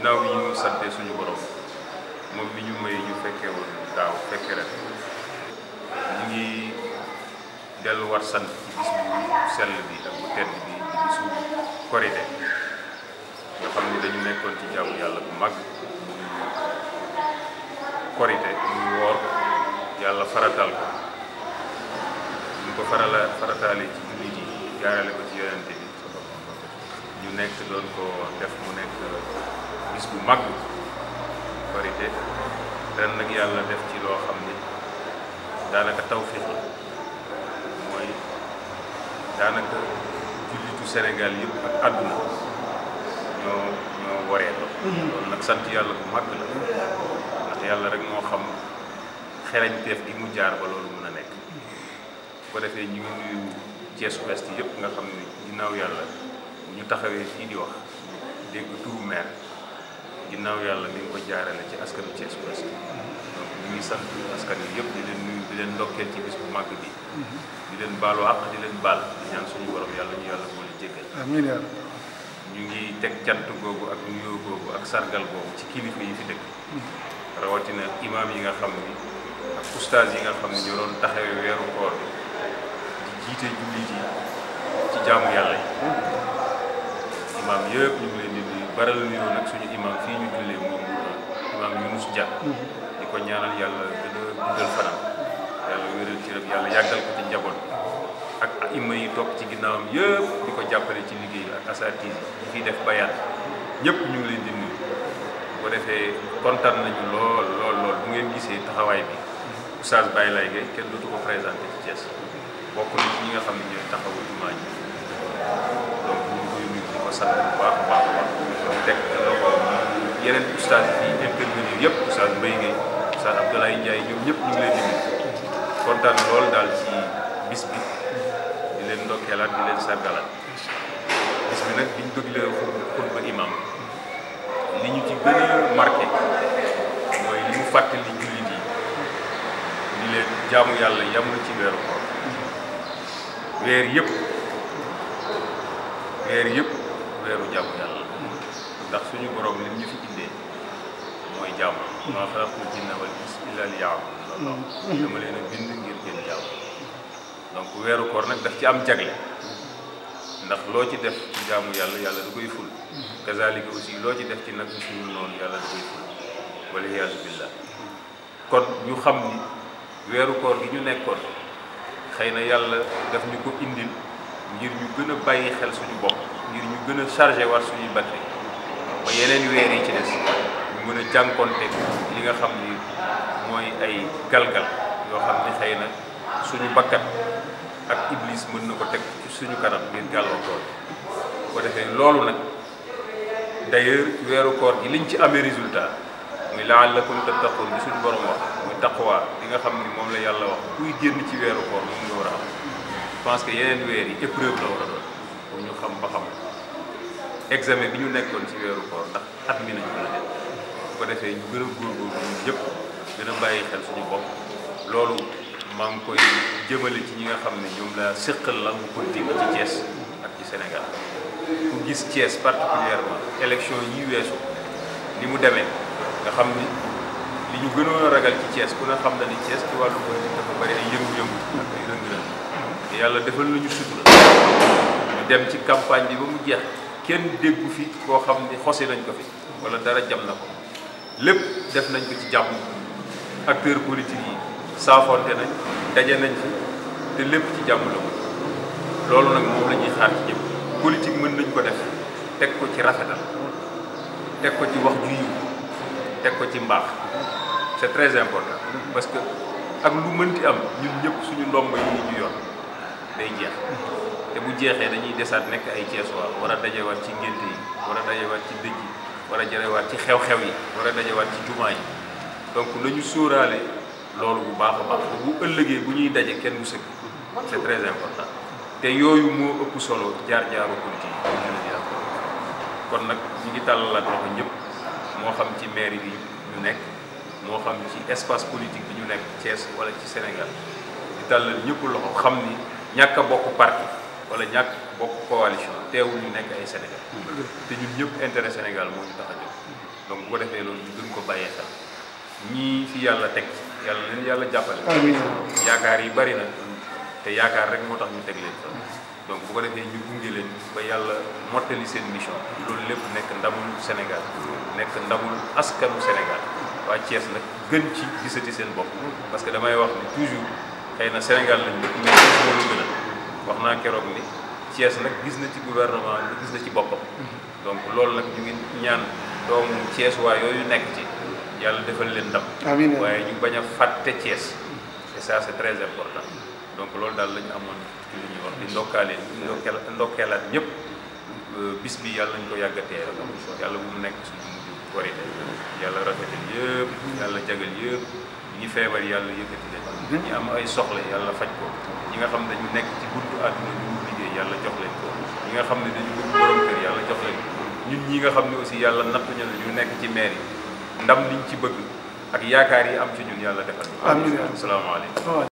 ginnaaw bi ñu sante suñu borom moom mi ñu may ñu fekkee woon daaw fekke ren ñu ngi delluwaat sant ci bis bu sell bi ak bu tedd bi di bisu korite nga xam ni dañu nekkoon ci jaamu yàlla bu mag muy korite muy woor yàlla faratal ko ñu ko farala farataale ci jullit yi jaarale ko ci yonente bi ñu nekk doon ko def mu nekk bis bu mag korité ren nag yàlla def ci loo xam ni daanaka tawfiq la mooy daanaka jullitu Sénégal yëpp ak àdduna ñoo ñoo waree la mhm. loolu nag sant yàlla bu mag la ndax yàlla rek moo xam def di mu jaar ba loolu mën a nekk bu ko defee ñu ngi nuyu Thiès Ouest yëpp nga xam ni ginnaaw yàlla ñu taxawee fii di wax dégg turu maire ginnaw yalla mi ngi ko jaarale ci askanu ci Ouest donc ni sant askan yi di len nuyu di len ndokkel ci bis mag bi di len balu àq di len bal di ñaan suñu borom yalla ñu yalla mo li jéggal amiin ñu ngi tek cant gogu ak nuyoo gogu ak sargal gogu ci kilifa yi fi rawati na imam yi nga xam ni ak oustaz yi nga xam ni ñoo doon taxawee koor di jité jullit yi ci jaamu yalla yi imam yëpp ñu ngi leen di baral ñu nak suñu imam fi ñu jullé moom imam Yunus Dia mhm. di ko ñaanal yalla gën a guddal fanam yàlla wéral ci rek yalla yagal ko ci njaboot ak ima yi tok ci ginnaawam yëpp diko jappalé ci liggéey ak asatis fi def bayaan ñepp ñu ngi leen di nuyu bu defee kontaan nañu lool lool lool bu ngeen gisé taxaway bi mhm. oustaz Baye Laye Gueye kenn dootu ko présenté ci Thiès bokku ñi nga xamni ñu taxawu jumaa ji donc wa sallam bu baax baax baax ñu teg loxo yeneen oustaz yi intervenir yëpp oustaz Mbaye Gueye oustaz Abdoulaye Ndiaye ñoom ñëpp ñu ngi leen di nuyu kontaan lool daal ci bis bi di leen ndokkeelaat di leen sargalaat bis bi nag biñ déglee xutba imam li ñu ci gën a marqué mooy li mu fàttali jullit yi di leen jaamu yàlla yamul ci weeru koor weer yëpp weer yëpp weeru jaamu yàlla ndax suñu borom lim ñu fi indee mooy jaamu maa xalaqtul jinna wal insa illa liya'budun dama leen a bind ngir gën jaamu donc weeru koor nag daf ci am jagle ndax loo ci def ci jaamu yàlla yàlla da koy ful kazalika aussi loo ci def ci nag suñu noonu yàlla da koy ful wala iyaazu billah kon ñu xam ni weeru koor gi ñu nekkoon xëy na yàlla daf ñu ko indil ngir ñu gën a bàyyi xel suñu bopp ngir ñu gën a chargé suñuy batterie ba yeneen weer yi ci des ñu mën a jànkonte li nga xam ni mooy ay galgal yoo xam ni xëy na suñu bakkat ak iblis mën na ko teg suñu kanam ngir gàllankoor bu ko defee loolu nag d'ailleurs weeru koor gi liñ ci amee résultat muy laallakum tattaqun bi suñu borom wax muy taqwa li nga xam ni moom la yàlla wax kuy génn ci weeru koor moom nga war a am je que yeneen weer yi épreuve la war a doon pour ñu xam ba xam examen bi ñu nekkoon ci weeru koor ndax at mi nañu la def bu ko defee ñu gën a góorgóorlu ñun ñëpp gën a bàyyi xel suñu bopp loolu maa ngi koy jëmale ci ñi nga xam ne ñoom laa séqal la mu politique ci Thiès ak ci senegal ku gis Thiès particulièrement élection yi weesu ni mu demee nga xam ni li ñu gënoon a ragal ci Thiès ku ne xam na ni Thiès ci wàllu politique dafa bari ay yëngu-yëngu ak ay rëng yàlla defal nañu sutura dem ci campagne bi ba mu jeex kenn déggu fi koo xam ni xose nañ ko fi wala dara jam na ko lépp def nañ ko ci jàmm acteur politique yi saafonte nañ daje nañ fi te lépp ci jàmm la ko loolu nag moom la xaar ci ñëpp mën nañ ko def teg ko ci rafetal teg ko ci wax ju yiw teg ko ci mbaax c'est très important parce que ak lu mënti am ñun ñëpp suñu ndomb yi ñu yor day jeex te bu jeexé dañuy déssat nek ay Ceesuwaa wara dajé wat ci ngénte wara dajé wat ci dëj wara war wat ci xew-xew yi wara dajé wat ci jumaa yi donc lañu souralé lolu bu baaxa baax bu ëllëgé bu ñuy dajé kenn mu sëkk c'est très important té yoyu mo ëpp solo jaar-jaaru ko ci kon nak ñi ngi tàllalaat loxo ñëpp mo xam ci maire bi ñu nek mo xam ci espace politique bi ñu nekk Thiès wala ci Sénégal di talal ñëpp loxo xam ni ñàkk a bokk parti wala ñàkk bokk coalition teewul ñu nekk ay Sénégal te ñun ñëpp intérêt Sénégal moo ñu tax a jóg donc bu ko defee loolu ñu gën ko bàyyee xel ñii yàlla teg yàlla leen yàlla jàppale yaakaar yi bari na te yaakaar rek moo tax ñu teg leen fa donc bu ko defee ñu gunge leen ba yàlla mottali seen mission loolu lépp nekk ndamul Sénégal nekk ndamul askanu Sénégal waa cees nag gën ci gisati seen bopp parce que damay wax ne toujours xëy na Sénégal lañ dëkk mais wax naa keroog ni Thiès nag gis na ci gouvernement bi gis na ci boppam mhm. donc loolu nag ñu ngi ñaan doomu Thiès waa yooyu nekk ci yàlla defal leen ndam waaye ñu bañ a fàtte et ça c'est très important donc loolu daal la ñu ci li ñuy wax di ndokkaale ndokkeel ndokkeelaat ñëpp euh, bis bi yàlla nañ ko yàggatee yàlla bu mu nekk suñu mujj korite rafetal yëpp yàlla jagal yëpp ñi feebar yàlla yëkkati leen gën ñu am ay soxla yàlla faj ko ñi nga xam dañu nekk ci buntu àdduna ñu liggéey yàlla jox leen ko ñi nga xam ne dañu wut borom kër yàlla jox leen ko ñun ñi nga xam ne aussi yàlla nattuñu la ñu nekk ci maire yi ndam liñ ci bëgg ak yaakaar yi am ci ñun yàlla defal. amiin asalaamaaleykum.